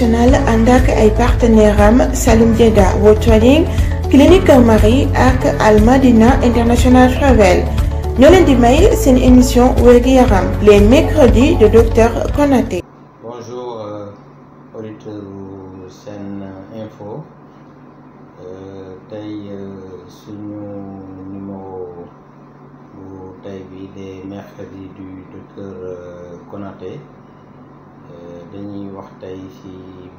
national ànd ak ay partenaire am Saloum Diega World Trading Clinique Marie Al Madina International Travel ñoo leen di may seen émission wérgu yaram les mercredis de docteur Konaté. bonjour euh, auditeurs Sen Info euh, euh, bi des dañuy wax tey ci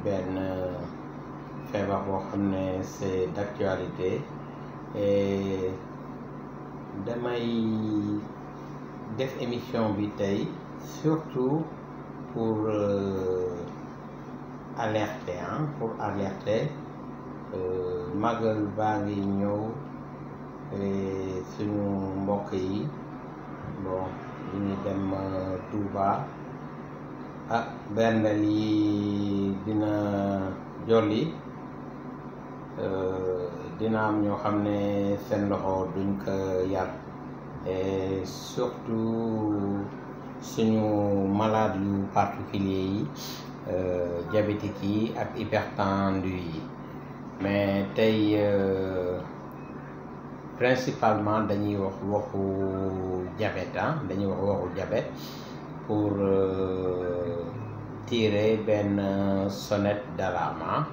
benn feebar boo xam ne c'est d'actualité et damay def émission bi tey surtout pour euh, alerter ah pour alerter euh, magal baa ngi ñëw suñu mbokk yi bon ñu dem euh, Touba. ah benn lii dina jolli euh, dina am ñoo xam ne seen loxo duñ ko yar et surtout suñu malade yu particulier yi euh, diabétique yi ak hypertendu yi mais tey euh, principalement dañuy wax waxu diabète ah, dañuy wax waxu diabète pour euh, tirer benn euh, sonnette d'alarme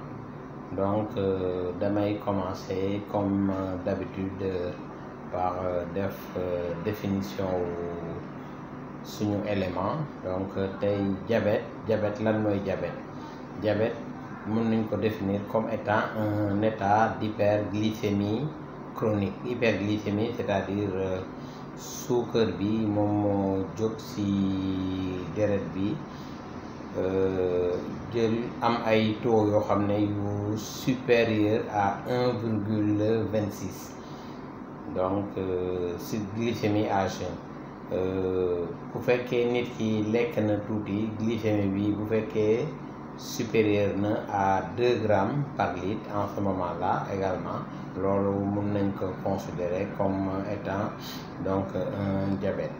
donc euh, damay commencer comme euh, d'habitude par def définition suñu élément donc tey diabète diabète lan mooy diabète diabète mën nañ ko définir comme étant un état d'hyperglycémie chronique hyperglycémie c'est-à-dire suukar bi moom moo jóg ci deret bi euh, jël am ay taux yoo xam ne yu supérieur à un virgule vingt six donc euh, ci glycémie à jeun bu fekkee nit ki lekk na tuuti glycémie bi bu fekkee supérieur na à deux grammes par litre en ce moment également loolu mën nañ ko considérer comme étant donc un diabète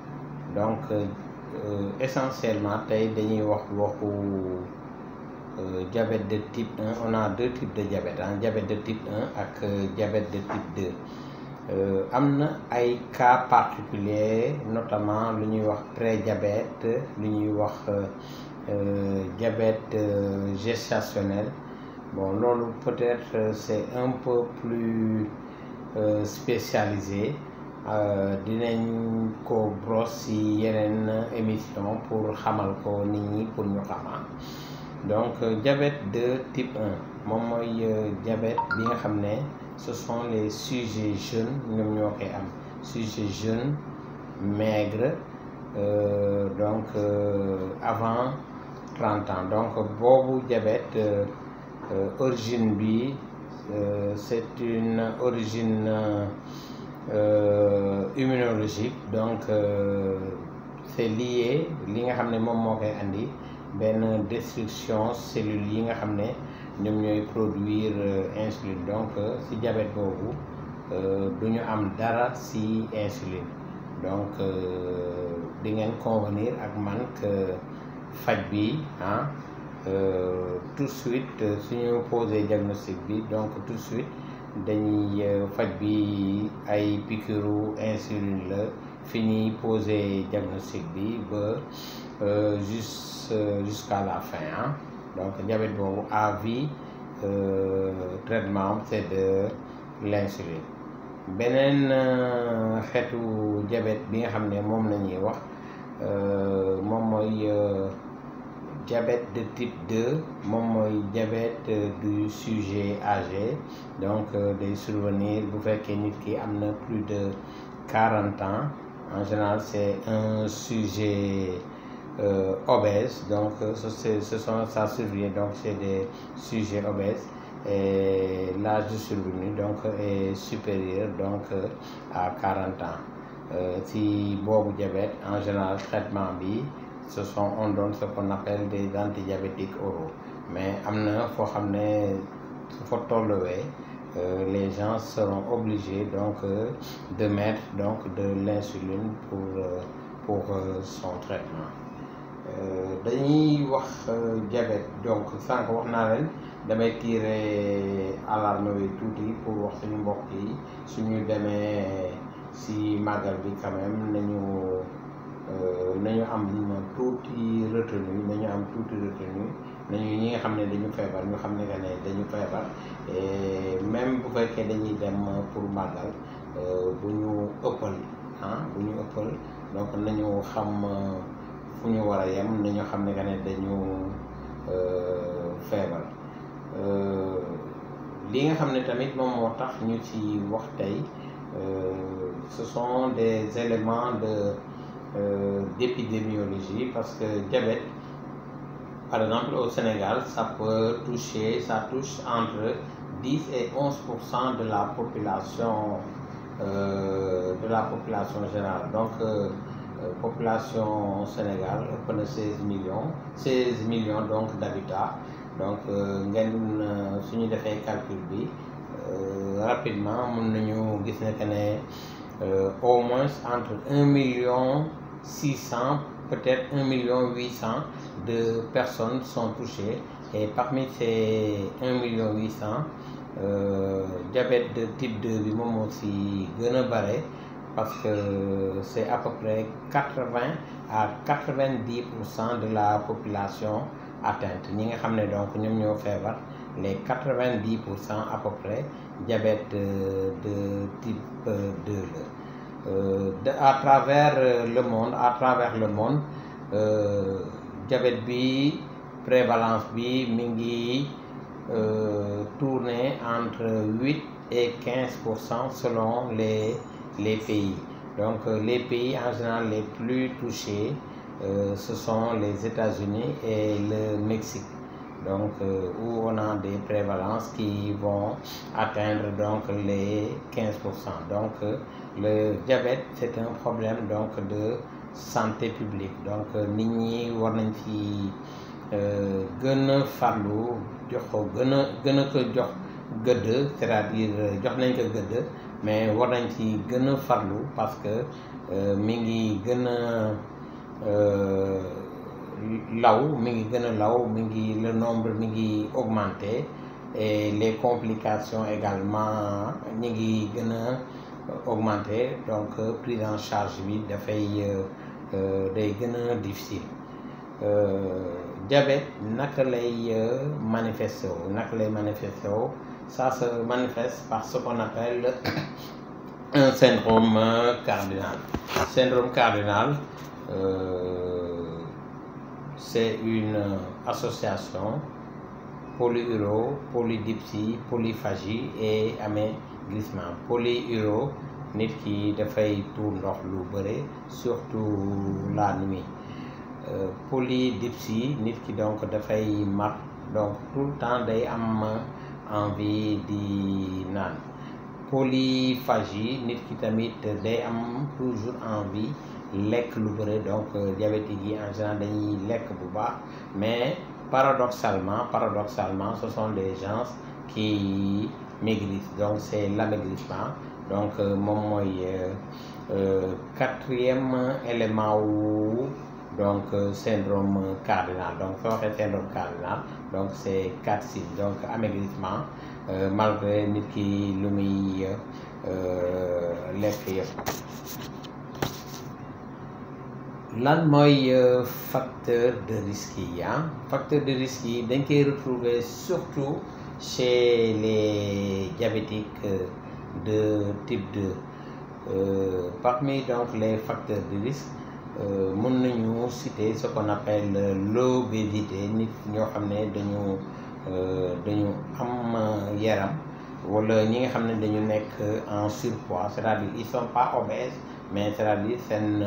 donc euh, essentiellement tey dañuy wax waxu euh, diabète de type 1 on a deux types de diabète ah diabète de type 1 ak euh, diabète de type 2 am na ay cas particuliers notamment lu ñuy wax prédiabète lu ñuy wax Euh, diabète euh, gestationnel bon loolu peut-être euh, c'est un peu plus spécialisé dinañ ko brosse ci yeneen émission pour xamal ko nit pour ñu ah. donc diabète type 1 moom mooy diabète bi nga xam ne ce sont les sujets jeunes ñoom ñoo koy am sujets jeunes maigres donc avant 30 donc boobu diabète euh, origine bi euh, c'est une origine euh, immunologique donc c'est lié li nga xam ne moom moo koy indi benn destruction cellule yi nga xam ne ñoom ñooy produire insuline donc ci diabète boobu du ñu am dara ci insuline donc di ngeen convenir ak man que faj bi ah euh, tout de suite euh, suñu posé diagnostic bi donc tout de suite dañuy euh, faj bi ay piqûru insuline la fi ñuy posé diagnostic bi ba juste jusqu'à la fin ah donc diabète boobu à traitement c'est de l'insuline beneen xeetu diabète bi nga xam ne moom la ñuy wax moom mooy diabète de type 2 moom mooy diabète du sujet âgé donc euh, des survenir bu fekkee nit ki am na plus de quarante ans en général c'est un sujet euh, donc euh, ce, ce sont ça survient donc c'est des sujets obèses et l'âge de survenue donc est supérieur donc euh, à 40 ans euh, si boobu diabète en général traitement bi ce sont on donne ce qu'on appelle des antidiabétiques oraux mais am na foo xam ne su fa tolluwee euh, les gens seront obligés donc euh, de mettre donc de l'insuline pour euh, pour son traitement dañuy wax diabète donc sànq wax naa leen damay tirer alarme bi tuuti pour wax suñu mbokk yi suñu demee si màggal bi quand nañu Euh, nañu am li ñu tuuti retenue nañu am tuuti na nañu ñi nga xam ne dañu feebar ñu xam ne que ne dañu feebar et même bu fekkee dañuy dem pour màggal euh, bu ñu ëppal ah, bu ñu ëppal donc nañu xam euh, fu ñu war a yem nañu xam ne que ne dañu feebar li nga xam ne tamit moom moo tax ñu ci wax tey ce son des éléments Euh, d'épidémiologie parce que diabète par exemple au Sénégal ça peut toucher touche entre 10 et 11 pour de la population euh, de population générale donc euh, euh, population Sénégal ëpp million 16 millions 16 millions donc d'habitants donc ngeen suñu defee calcul bi rapidement mën nañu gis ne que au moins entre un million 600, peut-être 1 800 de personnes sont touchées. Et parmi ces 1 million 800, euh, diabète de type 2 bi moom moo si gën a bare parce que c'est à peu près 80 à 90 pour cent de la population atteinte ñi nga xam ne donc ñoom ñoo feebar les 90 pour cent à peu près diabète euh, de type 2 euh, la. Euh, de à travers euh, le monde à travers le monde euh, diabète bi prévalence bi mi ngi tourner entre huit et quinze pour cent selon les les pays donc les pays en général les plus touchés ce sont les États-Unis et le Mexique donc euh, où on des prévalences qui vont atteindre donc les 15 Donc euh, le diabète c'est un problème donc de santé publique donc euh, nit ñi war nañ ci euh, gën a farlu jox ko gën a gën a ko jox gëdd c'est-à-dire euh, jox nañ ko gëdd mais war nañ ci gën a farlu parce que mi ngi gën a law mi ngi gën a law mi ngi le nombre mi ngi augmenter et les complications également ñi ngi gën a augmenter donc euh, pris en charge bi dafay euh, euh, day gën a difficile diabète naka lay manifesté wo naka lay manifesté wo ça se manifeste par ce qu'on appelle un syndrome cardinal c'est une euh, association polyuro, polydipsie, polyphagie et amaigrissement. Polyuro, nit ki dafay tuur ndox lu bëre surtout la nuit. Euh, polydipsie nit ki donc dafay mar donc tout le temps day am envie di naan polyphagie nit ki tamit day am toujours envie lekk lu bëri donc euh, diabétiques yi en général dañuy lekk bu baax mais paradoxalement paradoxalement ce sont des gens qui maigrissent donc c'est l'amaigrissement donc euh, moom mooy euh, quatrième élément wu donc syndrome cardinal donc soo waxee syndrome cardinal donc c'est quatre signes donc amaigrissement malgré nit ki lu muy lekk yëpp lan mooy euh, facteur de risque yi ah facteur de risque yi dañ koy retrouver surtout chez les diabétiques euh, de type de euh, parmi donc les facteurs de risque euh, mën nañu citer ce qu'on appelle l'obésité nit ñoo xam ne dañu dañu am yaram wala ñi nga xam ne dañu nekk en surpoids c'est-à-dire ils sont pas obèses mais c'est-à-dire seen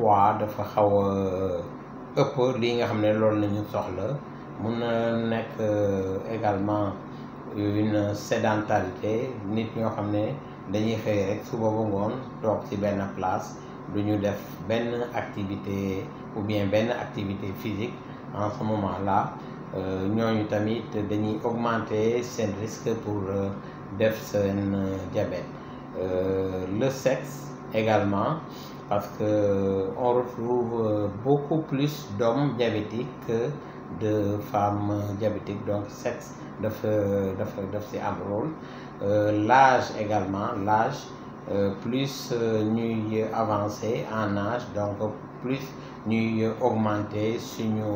poids dafa xaw a euh, ëpp lii nga xam ne loolu nañu soxla mun na nekk euh, également une sédentarité nit ñoo xam ne dañuy xëy rek suba ba ngoon toog ci benn place du ñu def benn activité ou bien benn activité physique en ce moment laa euh, ñooñu tamit dañuy augmenter seen risque pour def seen diabète le sexe également parce que on retrouve euh, beaucoup plus d'hommes diabétiques que de femmes euh, diabétiques donc sexe dafa dafa daf si am rôle euh, l'âge également l'âge plus ñuy avancer en âge donc plus ñuy augmenter suñu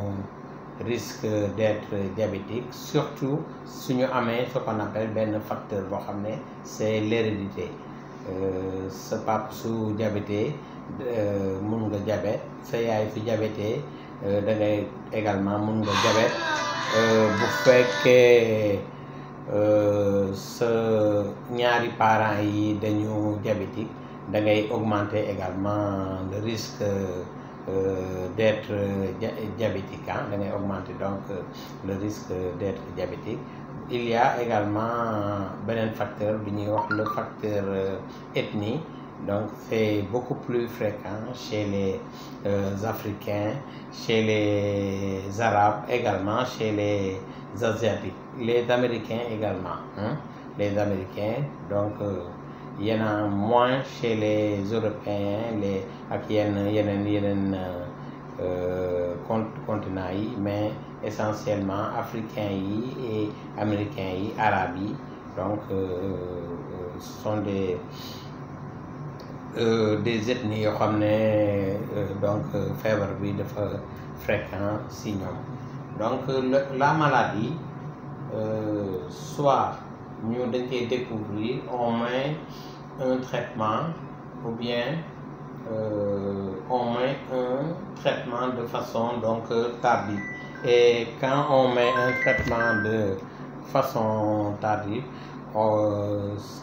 risque d'être diabétique surtout su ñu amee ce qu'on appelle benn facteur boo xam ne c'est l'hérédité sa pap su diabétique Euh, mun nga jabet sa yaay su jabetee euh, da ngay également mun nga jabet euh, bu fekkee sa ñaari parent yi dañu diabétique da ngay augmenter également le risque d'être diabétique ah da ngay donc le risque d'être diabétique il également beneen facteur bi ñuy wax le facteur ethnie donc c'est beaucoup plus fréquent chez les euh, Africains, chez les Arabes également, chez les Asiatiques, les Américains également. Hein? Les Américains, donc euh, il y en a moins chez les les, il y en a, il y en euh, continent yi mais essentiellement africains yi et américains yi arabes yi donc euh, euh, sont des Euh, des ethnies yoo xam ne euh, donc euh, feebar bi dafa fréquent si donc la maladie soit ñu dañ koy découvrir au moins un traitement ou bien au moins un traitement de façon donc tardive et quand on met un traitement de façon tardive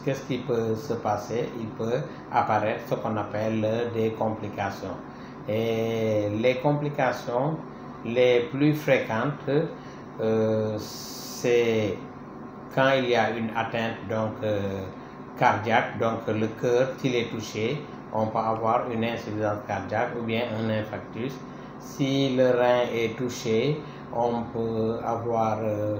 qu'est-ce qui peut se passer Il peut apparaître ce qu'on appelle des complications. Et les complications les plus fréquentes, euh, c'est quand il y a une atteinte donc, euh, cardiaque, donc le cœur, s'il est touché, on peut avoir une insuffisance cardiaque ou bien un infarctus. Si le rein est touché, on peut avoir... Euh,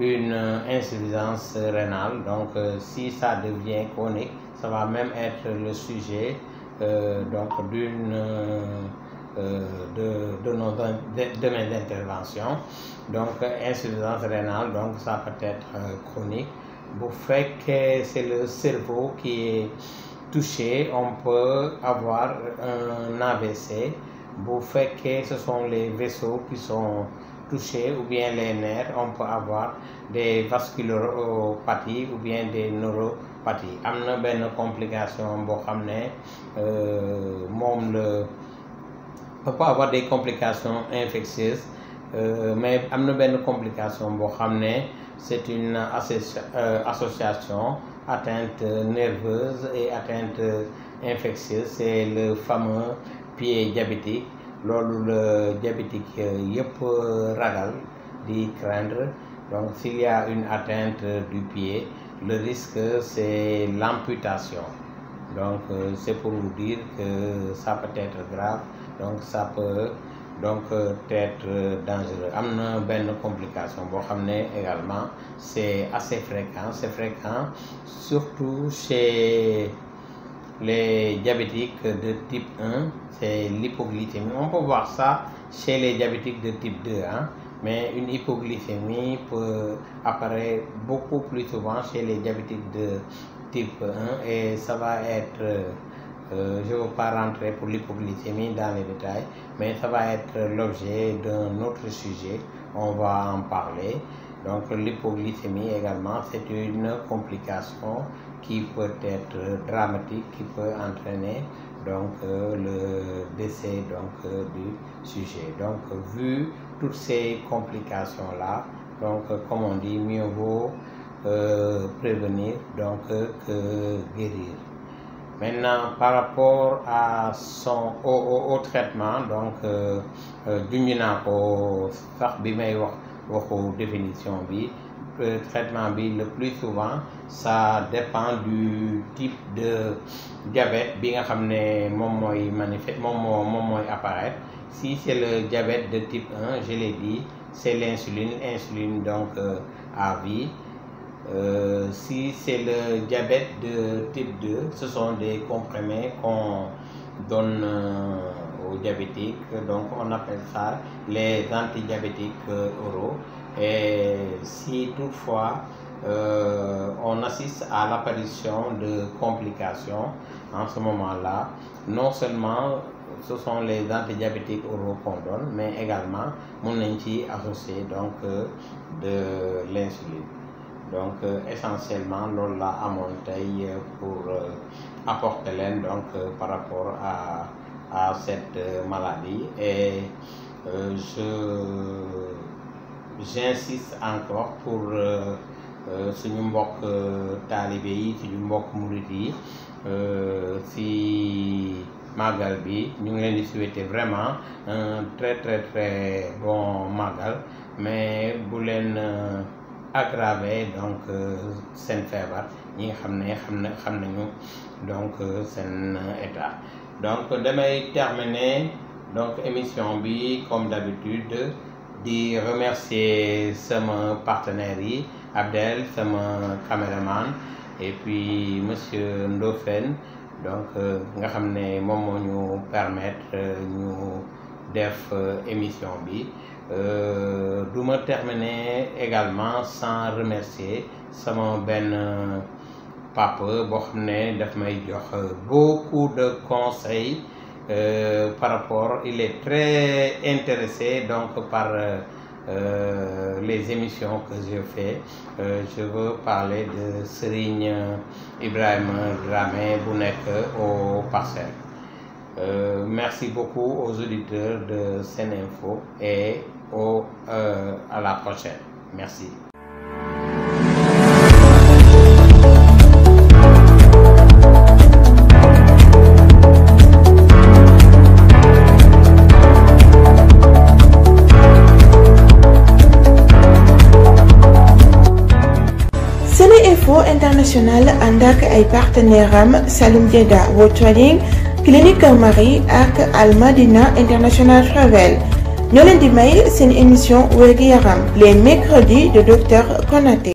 une insuffisance rénale. Donc, euh, si ça devient chronique, ça va même être le sujet euh, donc d'une euh, de, de, nos, de, de mes interventions. Donc, insuffisance rénale, donc ça peut être chronique. Vous faites que c'est le cerveau qui est touché, on peut avoir un AVC. Vous faites que ce sont les vaisseaux qui sont touché ou bien les nerfs on peut avoir des vasculopathies ou bien des neuropathies am na benn complication boo xam ne euh, moom la on peut avoir des complications infectieuses euh, mais am na benn complication boo xam ne c'est une associa euh, association atteinte nerveuse et atteinte infectieuse c'est le fameux pied diabétique loolu la diabétique euh, yëpp euh, ragal di craindre donc s'il y une atteinte du pied le risque c'est l'amputation donc euh, c'est pour vous dire que ça peut être grave donc ça peut donc être dangereux am na benn complication boo xam ne également c'est assez fréquent c'est fréquent surtout chez les diabétiques de type 1, c'est l'hypoglycémie. On peut voir ça chez les diabétiques de type 2, hein, mais une hypoglycémie peut apparaître beaucoup plus souvent chez les diabétiques de type 1 et ça va être, euh, je ne veux pas rentrer pour l'hypoglycémie dans les détails, mais ça va être l'objet d'un autre sujet, on va en parler. Donc l'hypoglycémie également, c'est une complication qui peut être dramatique, qui peut entraîner donc euh, le décès donc euh, du sujet. Donc vu toutes ces complications là, donc euh, comme on dit, mieux vaut euh, prévenir donc euh, que guérir. Maintenant, par rapport à son au, traitement donc euh, du ñu naa ko sax bi may wax. waxu définition bi euh, traitement bi le plus souvent ça dépend du type de diabète bi nga xam ne moom mooy manifeste moom moo moom mooy apparaître si c'est le diabète de type 1 je l'ai dit c'est l'insuline insuline donc euh, à vie euh, si c'est le diabète de type 2 ce sont des comprimés qu'on donne euh, aux diabétiques. Donc on appelle ça les antidiabétiques euh, oraux. Et si toutefois euh, on assiste à l'apparition de complications en ce moment-là, non seulement ce sont les antidiabétiques oraux qu'on donne, mais également mon anti associé donc euh, de l'insuline. donc euh, essentiellement loolu la amoon tey pour apporter leen donc par rapport à à cette euh, maladie. e euh, je j'insiste encore pour euh, euh, suñu mbokk taalibe yi suñu mbokk murit yi si màggal bi ñu ngi leen di souhaiter vraiment un très très bon màggal mais bu leen aggraver donc seen feebar ñi nga xam ne xam ne xam nañu donc seen état donc damay terminer donc émission bi comme d'habitude di remercier sama partenaire yi Abdel sama caméraman et puis monsieur Ndofène donc euh, nga xam ne moom moo ñu permettre euh, ñu def euh, émission bi du ma terminer également sans remercier sama benn papa boo xam ne daf may jox euh, beaucoup de conseils euh, par rapport il est très intéressé donc par euh, euh, les émissions que je fais euh, je veux parler de Serigne Ibrahima Dramé bu nekk aux Parcelles euh, merci beaucoup aux auditeurs de Seneinfo et au la prochaine merci International ànd ak ay partenaire am Saloum Dieda World Trading Clinique Marie ak Almadina International Travel ñoo leen di may seen émission wér-gu-yaram les mercredis de docteur Konaté